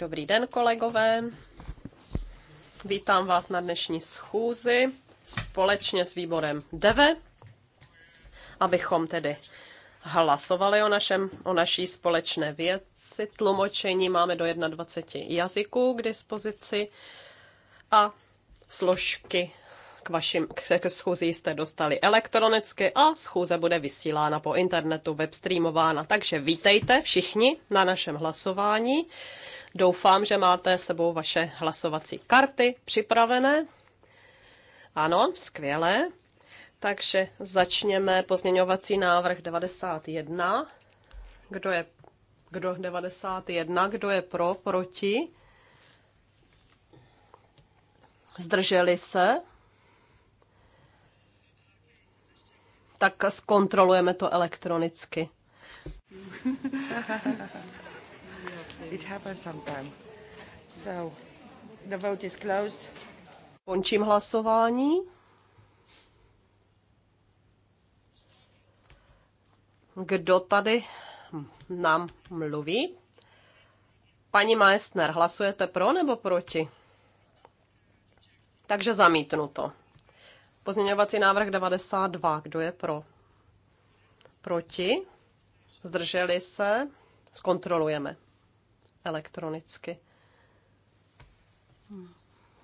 Dobrý den, kolegové. Vítám vás na dnešní schůzi společně s výborem DEVE, abychom tedy hlasovali o, našem, o naší společné věci. Tlumočení máme do 21 jazyků k dispozici a složky k vašim k schůzi jste dostali elektronicky a schůze bude vysílána po internetu, webstreamována. Takže vítejte všichni na našem hlasování. Doufám, že máte sebou vaše hlasovací karty připravené. Ano, skvělé. Takže začněme pozměňovací návrh 91. Kdo je kdo 91, kdo je pro, proti? Zdrželi se? Tak zkontrolujeme to elektronicky. It happens sometimes. So, the vote is closed. Končím hlasování. Kdo tady nám mluví? Paní Maestner, hlasujete pro nebo proti? Takže zamítnu to. Pozměňovací návrh 92. Kdo je pro? Proti? Zdrželi se? Zkontrolujeme elektronicky.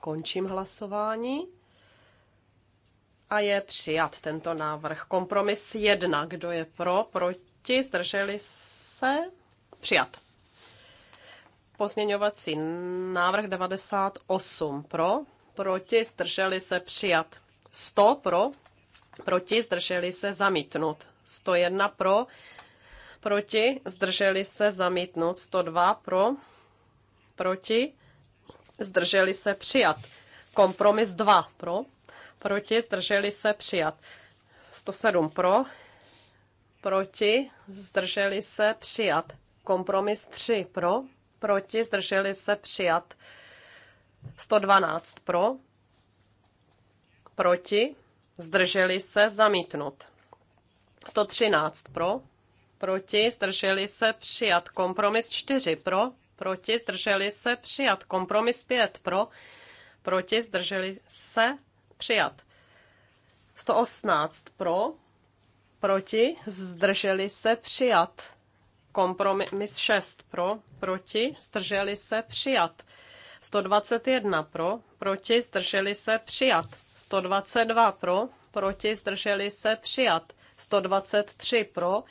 Končím hlasování. A je přijat tento návrh. Kompromis 1. Kdo je pro, proti, zdrželi se? Přijat. Pozměňovací návrh 98 pro, proti, zdrželi se přijat. 100 pro, proti, zdrželi se zamítnut. 101 pro, proti, zdrželi se zamítnout 102 pro, proti, zdrželi se přijat. Kompromis 2 pro, proti, zdrželi se přijat. 107 pro, proti, zdrželi se přijat. Kompromis 3 pro, proti, zdrželi se přijat. 112 pro, proti, zdrželi se zamítnut. 113 pro, proti, zdrželi se přijat. Kompromis 4 pro, proti, zdrželi se přijat. Kompromis 5 pro, proti, zdrželi se přijat. 118 pro, proti, zdrželi se přijat. Kompromis 6 pro, proti, zdrželi se přijat. 121 pro, proti, zdrželi se přijat. 122 pro, proti, zdrželi se přijat. 123 pro,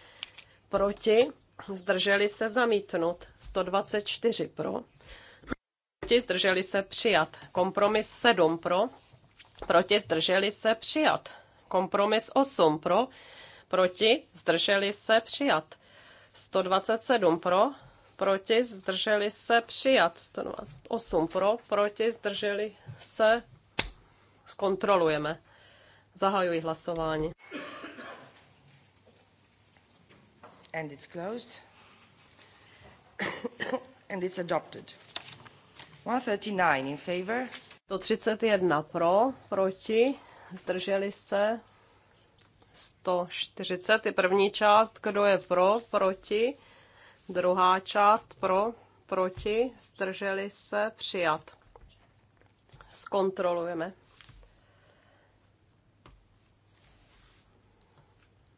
proti, zdrželi se zamítnut, 124 pro, proti, zdrželi se přijat, kompromis 7 pro, proti, zdrželi se přijat, kompromis 8 pro, proti, zdrželi se přijat, 127 pro, proti, zdrželi se přijat, 128 pro, proti, zdrželi se, zkontrolujeme. Zahajuji hlasování and it's closed. and it's adopted. 139 in favor. 131 pro, proti, zdrželi se. 140 je první část, kdo je pro, proti. Druhá část pro, proti, zdrželi se, přijat. Zkontrolujeme.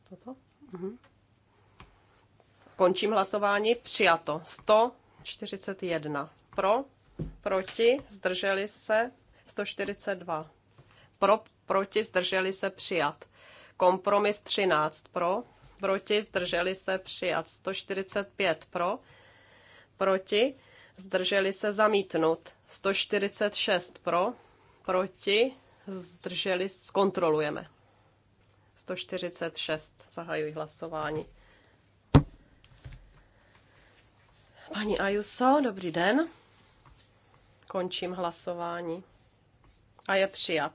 Toto? Mhm. Končím hlasování. Přijato. 141. Pro, proti, zdrželi se. 142. Pro, proti, zdrželi se. Přijat. Kompromis 13. Pro, proti, zdrželi se. Přijat. 145. Pro, proti, zdrželi se. Zamítnut. 146. Pro, proti, zdrželi. Zkontrolujeme. 146. Zahajuji hlasování. Paní Ajuso, dobrý den. Končím hlasování. A je přijat.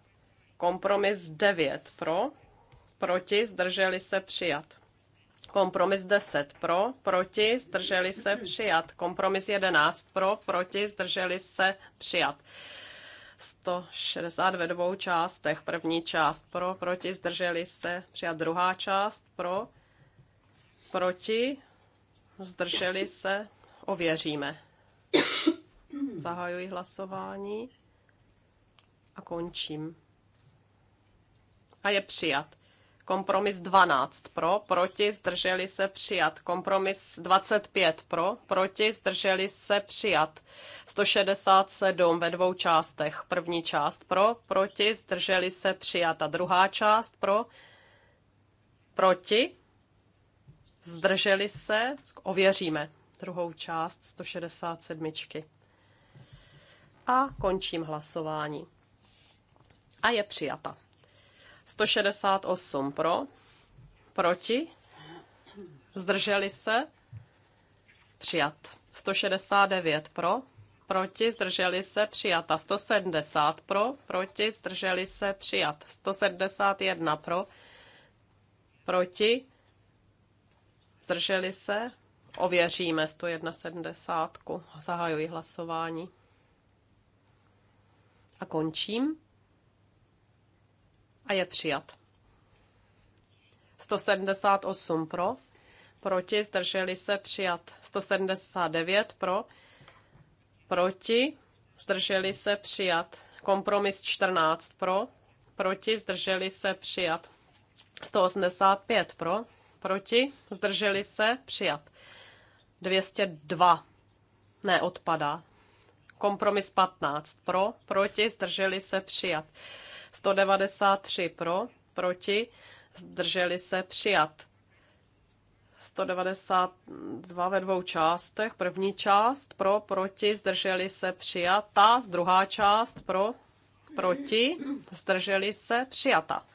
Kompromis 9 pro, proti, zdrželi se přijat. Kompromis 10 pro, proti, zdrželi se přijat. Kompromis 11 pro, proti, zdrželi se přijat. 160 ve dvou částech. První část pro, proti, zdrželi se přijat. Druhá část pro, proti, zdrželi se ověříme. Zahajuji hlasování a končím. A je přijat. Kompromis 12 pro, proti, zdrželi se přijat. Kompromis 25 pro, proti, zdrželi se přijat. 167 ve dvou částech. První část pro, proti, zdrželi se přijat. A druhá část pro, proti, zdrželi se, ověříme druhou část 167. A končím hlasování. A je přijata. 168 pro, proti, zdrželi se, přijat. 169 pro, proti, zdrželi se, přijata. 170 pro, proti, zdrželi se, přijat. 171 pro, proti, zdrželi se, Ověříme 171. Zahajuji hlasování. A končím. A je přijat. 178 pro, proti, zdrželi se přijat. 179 pro, proti, zdrželi se přijat. Kompromis 14 pro, proti, zdrželi se přijat. 185 pro, proti, zdrželi se přijat. 202. Ne, odpada. Kompromis 15 pro, proti, zdrželi se přijat. 193 pro, proti, zdrželi se přijat. 192 ve dvou částech. První část pro, proti, zdrželi se přijata. Druhá část pro, proti, zdrželi se přijata.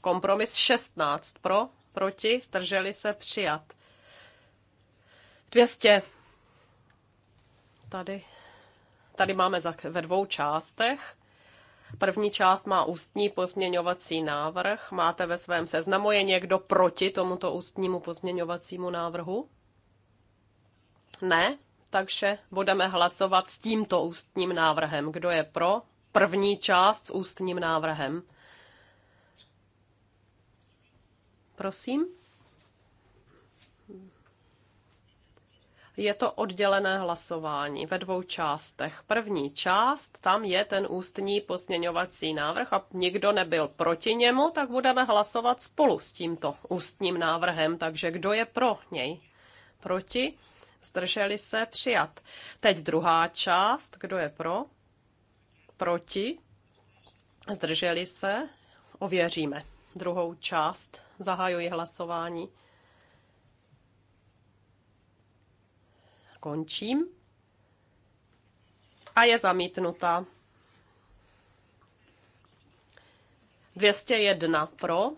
Kompromis 16 pro, proti, zdrželi se přijat. 200. Tady, tady máme ve dvou částech. První část má ústní pozměňovací návrh. Máte ve svém seznamu. Je někdo proti tomuto ústnímu pozměňovacímu návrhu? Ne, takže budeme hlasovat s tímto ústním návrhem. Kdo je pro? První část s ústním návrhem. Prosím. Je to oddělené hlasování ve dvou částech. První část, tam je ten ústní pozměňovací návrh a nikdo nebyl proti němu, tak budeme hlasovat spolu s tímto ústním návrhem. Takže kdo je pro něj? Proti? Zdrželi se? Přijat. Teď druhá část, kdo je pro? Proti? Zdrželi se? Ověříme. Druhou část. Zahajuji hlasování. končím. A je zamítnuta. 201 pro,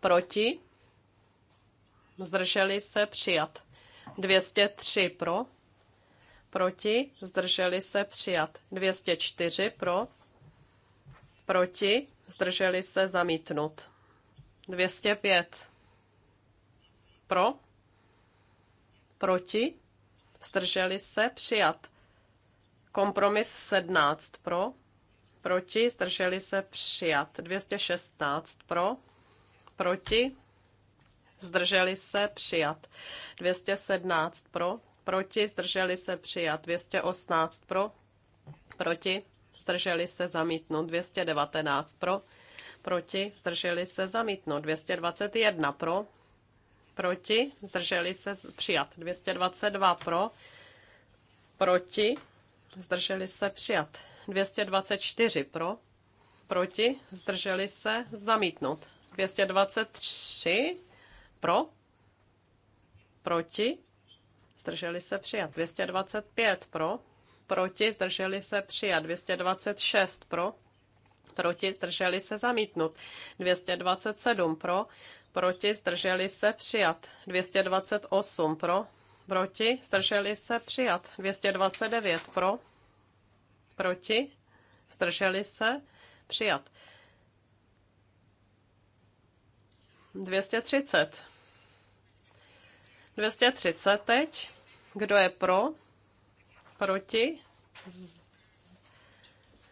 proti, zdrželi se přijat. 203 pro, proti, zdrželi se přijat. 204 pro, proti, zdrželi se zamítnut. 205 pro, proti, zdrželi se, přijat. Kompromis 17 pro, proti, zdrželi se, přijat. 216 pro, proti, zdrželi se, přijat. 217 pro, proti, zdrželi se, přijat. 218 pro, proti, zdrželi se, zamítnout. 219 pro, proti, zdrželi se, zamítnout. 221 pro, proti, zdrželi se přijat. 222 pro, proti, zdrželi se přijat. 224 pro, proti, zdrželi se zamítnout. 223 pro, proti, zdrželi se přijat. 225 pro, proti, zdrželi se přijat. 226 pro, proti, zdrželi se zamítnout 227 pro, proti, zdrželi se, přijat. 228 pro, proti, zdrželi se, přijat. 229 pro, proti, zdrželi se, přijat. 230. 230 teď. Kdo je pro? Proti?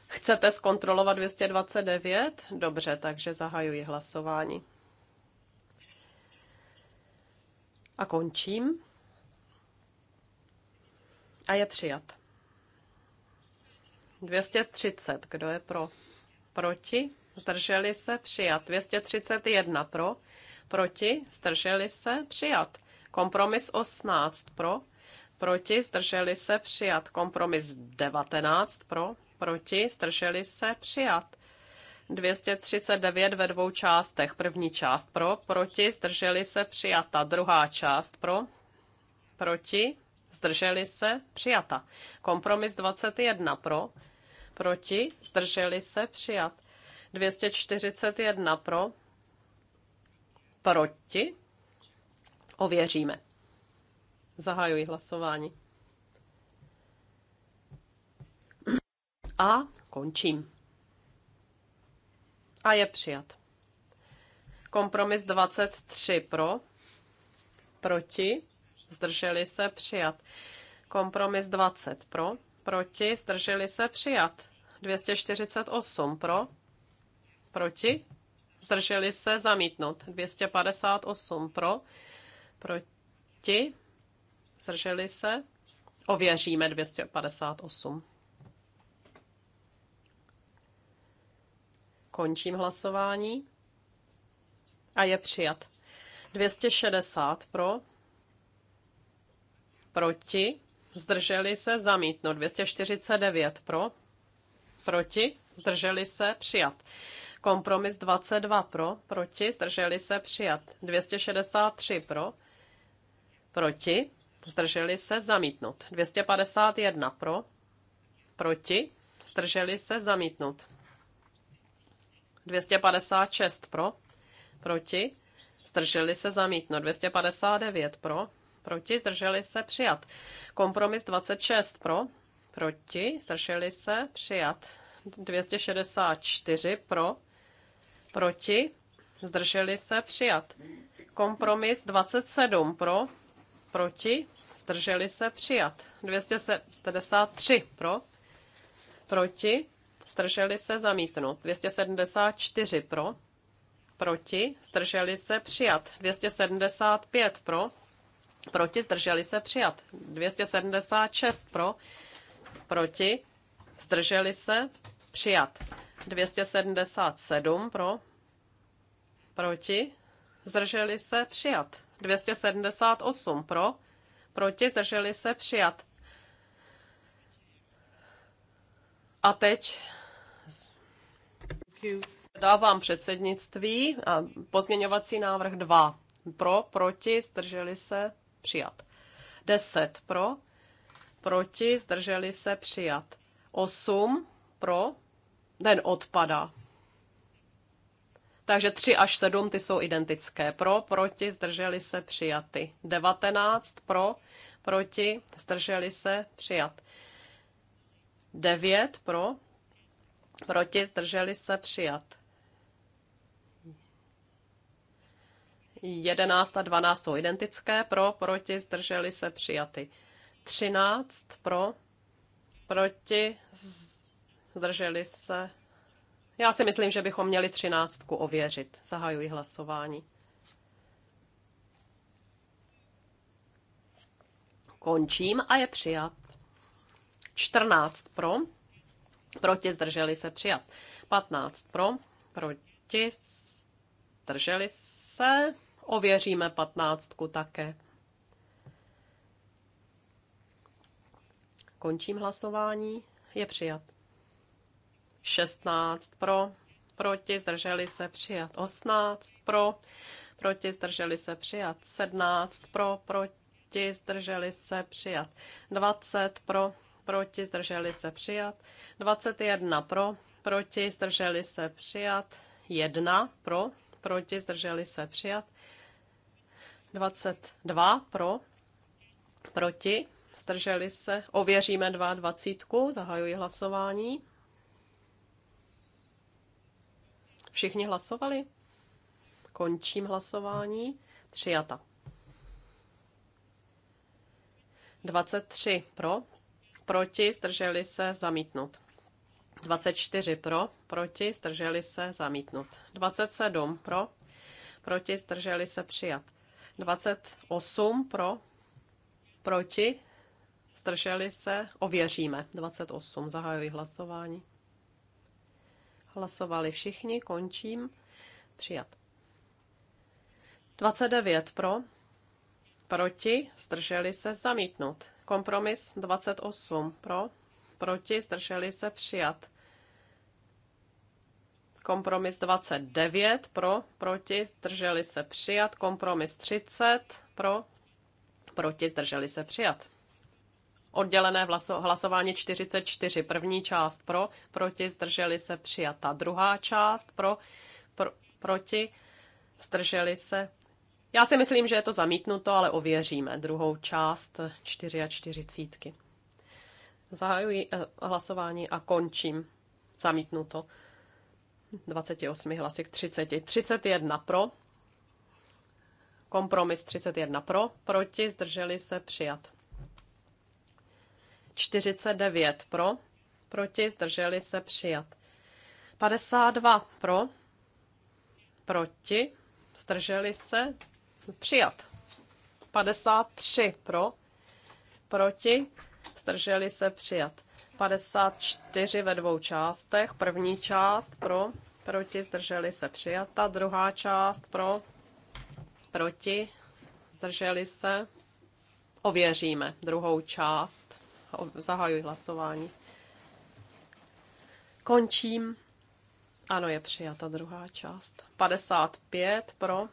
Chcete zkontrolovat 229? Dobře, takže zahajuji hlasování. A končím. A je přijat. 230. Kdo je pro? Proti? Zdrželi se? Přijat. 231 pro? Proti? Zdrželi se? Přijat. Kompromis 18 pro? Proti? Zdrželi se? Přijat. Kompromis 19 pro? Proti? Zdrželi se? Přijat. 239 ve dvou částech. První část pro, proti, zdrželi se, přijata. Druhá část pro, proti, zdrželi se, přijata. Kompromis 21 pro, proti, zdrželi se, přijat. 241 pro, proti, ověříme. Zahajuji hlasování. A končím a je přijat. Kompromis 23 pro, proti, zdrželi se přijat. Kompromis 20 pro, proti, zdrželi se přijat. 248 pro, proti, zdrželi se zamítnout. 258 pro, proti, zdrželi se, ověříme 258. Končím hlasování. A je přijat. 260 pro, proti, zdrželi se, zamítnout. 249 pro, proti, zdrželi se, přijat. Kompromis 22 pro, proti, zdrželi se, přijat. 263 pro, proti, zdrželi se, zamítnout. 251 pro, proti, zdrželi se, zamítnout. 256 pro, proti, zdrželi se zamítno. 259 pro, proti, zdrželi se přijat. Kompromis 26 pro, proti, zdrželi se přijat. 264 pro, proti, zdrželi se přijat. Kompromis 27 pro, proti, zdrželi se přijat. 273 pro, proti, Strželi se zamítnut. 274 pro. Proti. Strželi se přijat. 275 pro. Proti. Strželi se přijat. 276 pro. Proti. Strželi se přijat. 277 pro. Proti. Zdrželi se přijat. 278 pro. Proti. Zdrželi se přijat. A teď Dávám předsednictví a pozměňovací návrh 2. Pro, proti, zdrželi se, přijat. 10 pro, proti, zdrželi se, přijat. 8 pro, den odpada. Takže 3 až 7 ty jsou identické. Pro, proti, zdrželi se, přijaty. 19 pro, proti, zdrželi se, přijat. 9 pro, Proti zdrželi se přijat. 11 a 12 jsou identické, pro, proti, zdrželi se přijaty. 13 pro, proti, zdrželi se. Já si myslím, že bychom měli 13 ověřit. Zahajuji hlasování. Končím a je přijat. 14 pro, Proti zdrželi se přijat. 15 pro, proti zdrželi se. Ověříme patnáctku také. Končím hlasování. Je přijat. 16 pro, proti zdrželi se přijat. 18 pro, proti zdrželi se přijat. 17 pro, proti zdrželi se přijat. 20 pro, proti, zdrželi se přijat. 21 pro, proti, zdrželi se přijat. 1 pro, proti, zdrželi se přijat. 22 pro, proti, zdrželi se. Ověříme 22, zahajuji hlasování. Všichni hlasovali? Končím hlasování. Přijata. 23 pro, proti, zdrželi se, zamítnut. 24 pro, proti, zdrželi se, zamítnut. 27 pro, proti, zdrželi se, přijat. 28 pro, proti, zdrželi se, ověříme. 28, zahajuji hlasování. Hlasovali všichni, končím. Přijat. 29 pro, proti, zdrželi se zamítnut. Kompromis 28 pro, proti, zdrželi se přijat. Kompromis 29 pro, proti, zdrželi se přijat. Kompromis 30 pro, proti, zdrželi se přijat. Oddělené hlasování 44, první část pro, proti, zdrželi se Ta Druhá část pro, pro proti, zdrželi se já si myslím, že je to zamítnuto, ale ověříme druhou část a 40. Zahajuji eh, hlasování a končím. Zamítnuto. 28 hlasy k 30. 31 pro. Kompromis 31 pro. Proti zdrželi se přijat. 49 pro. Proti zdrželi se přijat. 52 pro. Proti zdrželi se Přijat. 53 pro, proti, zdrželi se přijat. 54 ve dvou částech. První část pro, proti, zdrželi se přijata. Druhá část pro, proti, zdrželi se. Ověříme druhou část. Zahajuji hlasování. Končím. Ano, je přijata druhá část. 55 pro,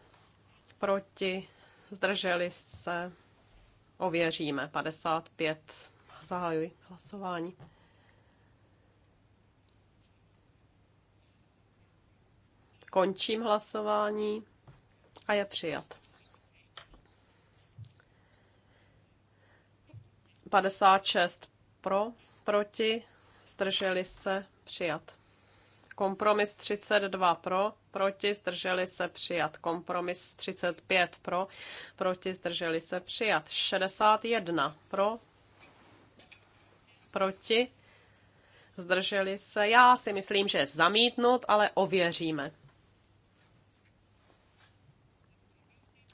proti, zdrželi se, ověříme. 55, zahajuji hlasování. Končím hlasování a je přijat. 56 pro, proti, zdrželi se, přijat. Kompromis 32 pro, proti, zdrželi se přijat. Kompromis 35 pro, proti, zdrželi se přijat. 61 pro, proti, zdrželi se. Já si myslím, že zamítnut, ale ověříme.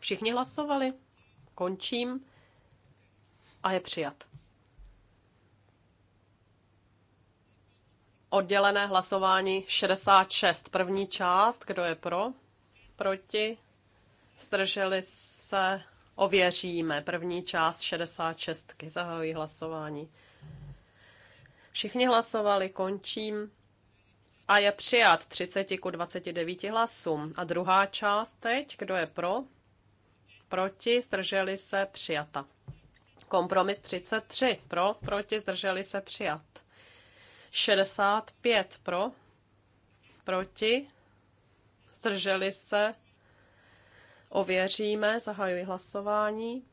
Všichni hlasovali? Končím. A je přijat. oddělené hlasování 66. První část, kdo je pro? Proti? Zdrželi se? Ověříme. První část 66. Zahajují hlasování. Všichni hlasovali, končím. A je přijat 30 ku 29 hlasům. A druhá část teď, kdo je pro? Proti, zdrželi se, přijata. Kompromis 33. Pro, proti, zdrželi se, přijat. 65 pro, proti, zdrželi se, ověříme, zahajuji hlasování.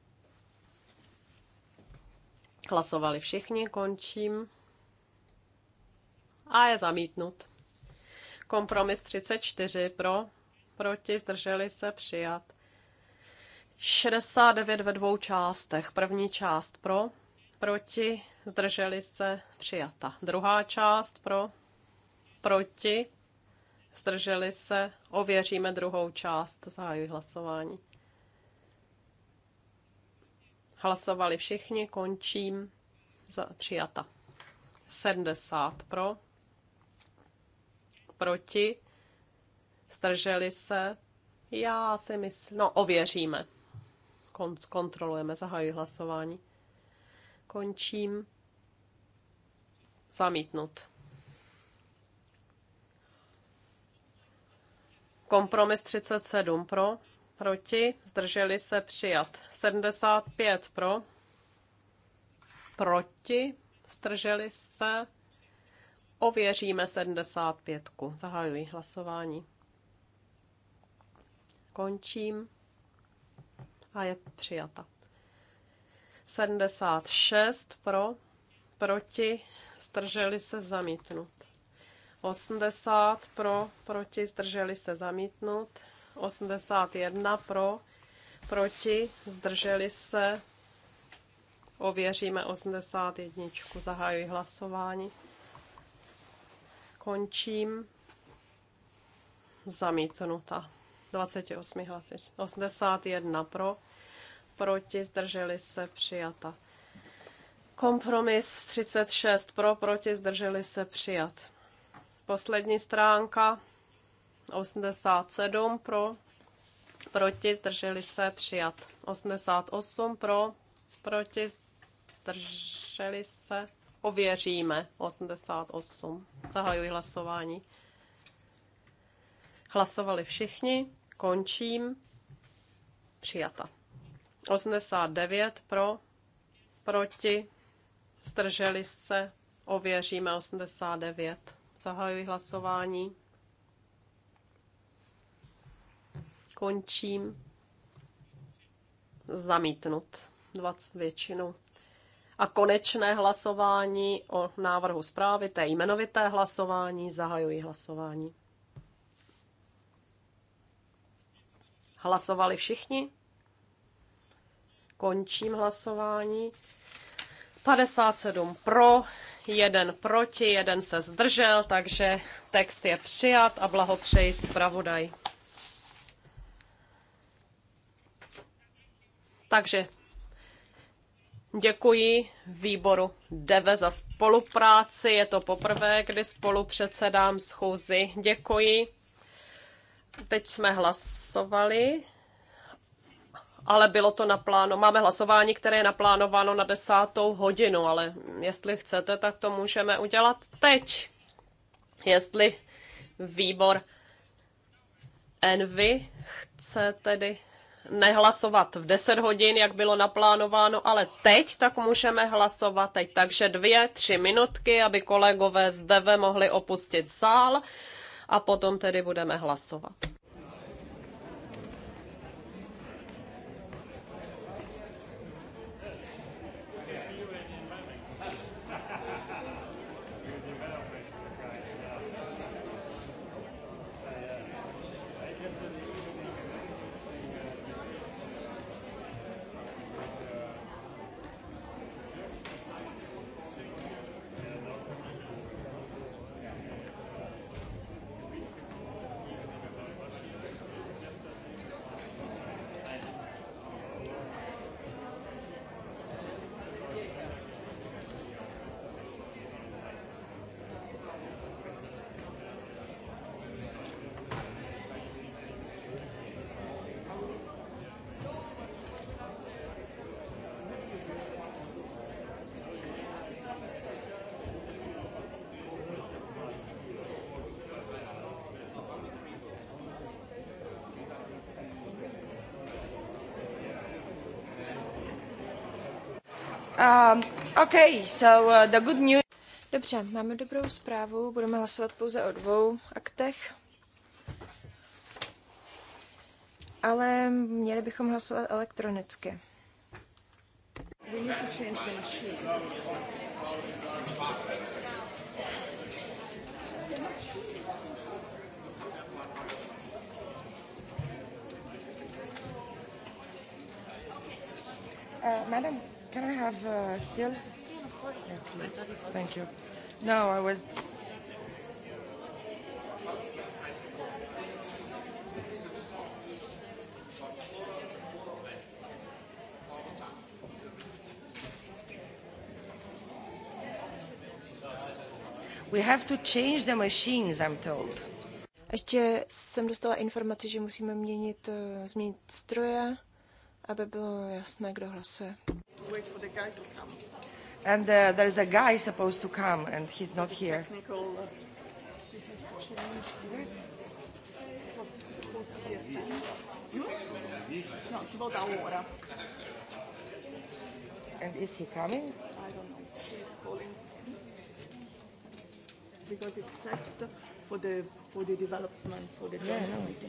Hlasovali všichni, končím. A je zamítnut. Kompromis 34 pro, proti, zdrželi se, přijat. 69 ve dvou částech. První část pro, proti, zdrželi se, přijata. Druhá část pro, proti, zdrželi se, ověříme druhou část, Zahájí hlasování. Hlasovali všichni, končím, za, přijata. 70 pro, proti, zdrželi se, já si myslím, no ověříme, Kon- kontrolujeme, zahájí hlasování. Končím. Zamítnut. Kompromis 37 pro, proti, zdrželi se přijat. 75 pro, proti, zdrželi se. Ověříme 75. Zahajuji hlasování. Končím a je přijata. 76 pro, proti, zdrželi se zamítnut. 80 pro, proti, zdrželi se zamítnut. 81 pro, proti, zdrželi se. Ověříme 81. Zahajuji hlasování. Končím. Zamítnuta. 28 hlasy. 81 pro, proti, zdrželi se, přijata. Kompromis 36 pro, proti, zdrželi se, přijat. Poslední stránka 87 pro, proti, zdrželi se, přijat. 88 pro, proti, zdrželi se, ověříme. 88. Zahajuji hlasování. Hlasovali všichni, končím. Přijata. 89 pro, proti, zdrželi se, ověříme 89. Zahajuji hlasování. Končím. Zamítnut 20 většinu. A konečné hlasování o návrhu zprávy, té jmenovité hlasování, zahajuji hlasování. Hlasovali všichni? Končím hlasování. 57 pro, jeden proti, jeden se zdržel, takže text je přijat a blahopřeji zpravodaj. Takže děkuji výboru DEVE za spolupráci. Je to poprvé, kdy spolu předsedám schůzi. Děkuji. Teď jsme hlasovali ale bylo to na plánu. Máme hlasování, které je naplánováno na desátou hodinu, ale jestli chcete, tak to můžeme udělat teď. Jestli výbor Envy chce tedy nehlasovat v 10 hodin, jak bylo naplánováno, ale teď tak můžeme hlasovat teď. Takže dvě, tři minutky, aby kolegové z DV mohli opustit sál a potom tedy budeme hlasovat. Um, okay, so uh, the good news... Dobře, máme dobrou zprávu, budeme hlasovat pouze o dvou aktech. Ale měli bychom hlasovat elektronicky. We need to change the machine. Uh, madam, Can I have uh, still? Still, of course. Yes, please. Thank you. No, I was. We have to change the machines, I'm told. Ještě jsem dostala informaci, že musíme měnit, eh, změnit stroje aby bylo jasné, kdo hlasuje. And uh, there's a guy supposed to come and he's not here. Uh, hmm? No, And is he coming? I don't know. calling because it's set for the for the development for the yeah, no.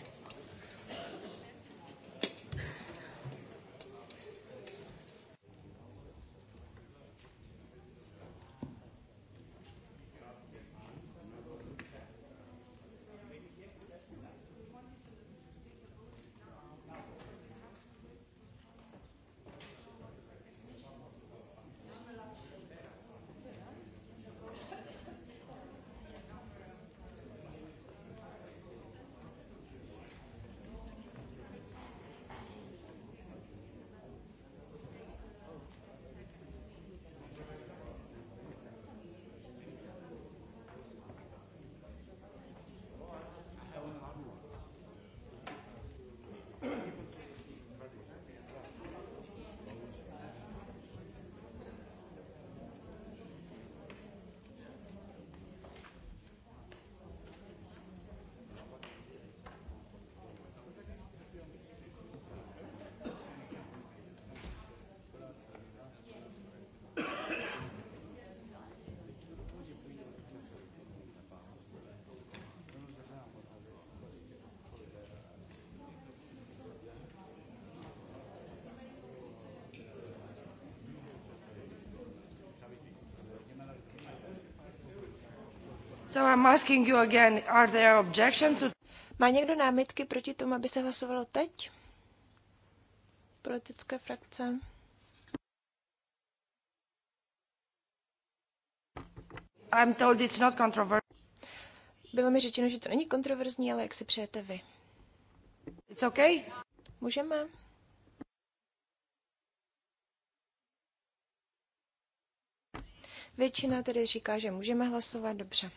So I'm asking you again, are there objections to... Má někdo námitky proti tomu, aby se hlasovalo teď? Politické frakce. I'm told it's not controversial. Bylo mi řečeno, že to není kontroverzní, ale jak si přejete vy? It's okay? Můžeme. Většina tedy říká, že můžeme hlasovat dobře.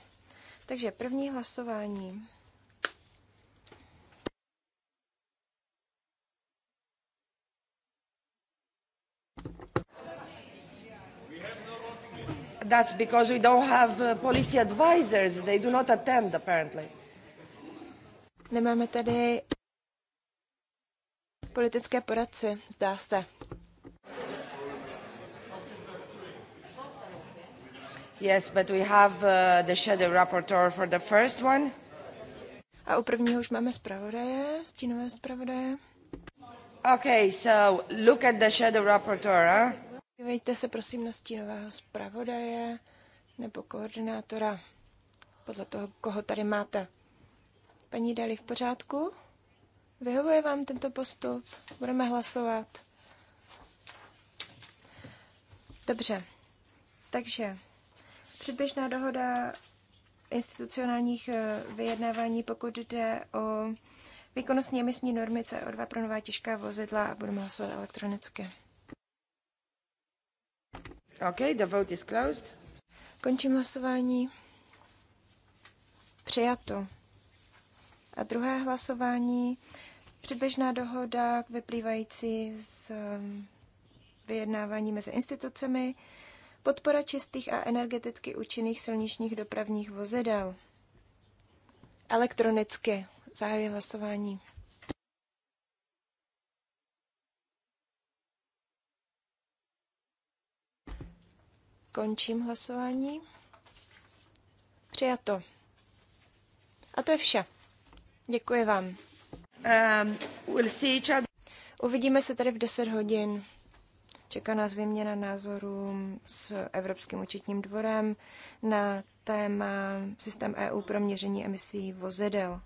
Takže první hlasování. That's because we don't have uh, policy advisors. They do not attend, apparently. Nemáme tady politické poradci, zdá se. Yes, but we have uh, the shadow rapporteur for the first one. A u prvního už máme zpravodaje, stínové zpravodaje. Okay, so look at the shadow rapporteur, huh? Dívejte se prosím na stínového zpravodaje nebo koordinátora, podle toho, koho tady máte. Paní Dali, v pořádku? Vyhovuje vám tento postup? Budeme hlasovat. Dobře, takže Předběžná dohoda institucionálních eh, vyjednávání, pokud jde o výkonnostní emisní normy CO2 pro nová těžká vozidla a budeme hlasovat elektronicky. OK, the vote is closed. Končím hlasování. Přijato. A druhé hlasování, předběžná dohoda vyplývající z eh, vyjednávání mezi institucemi podpora čistých a energeticky účinných silničních dopravních vozidel. Elektronicky zahajuji hlasování. Končím hlasování. Přijato. A to je vše. Děkuji vám. Um, we'll see each other. Uvidíme se tady v 10 hodin. Čeká nás vyměna názorů s Evropským účetním dvorem na téma systém EU pro měření emisí vozidel.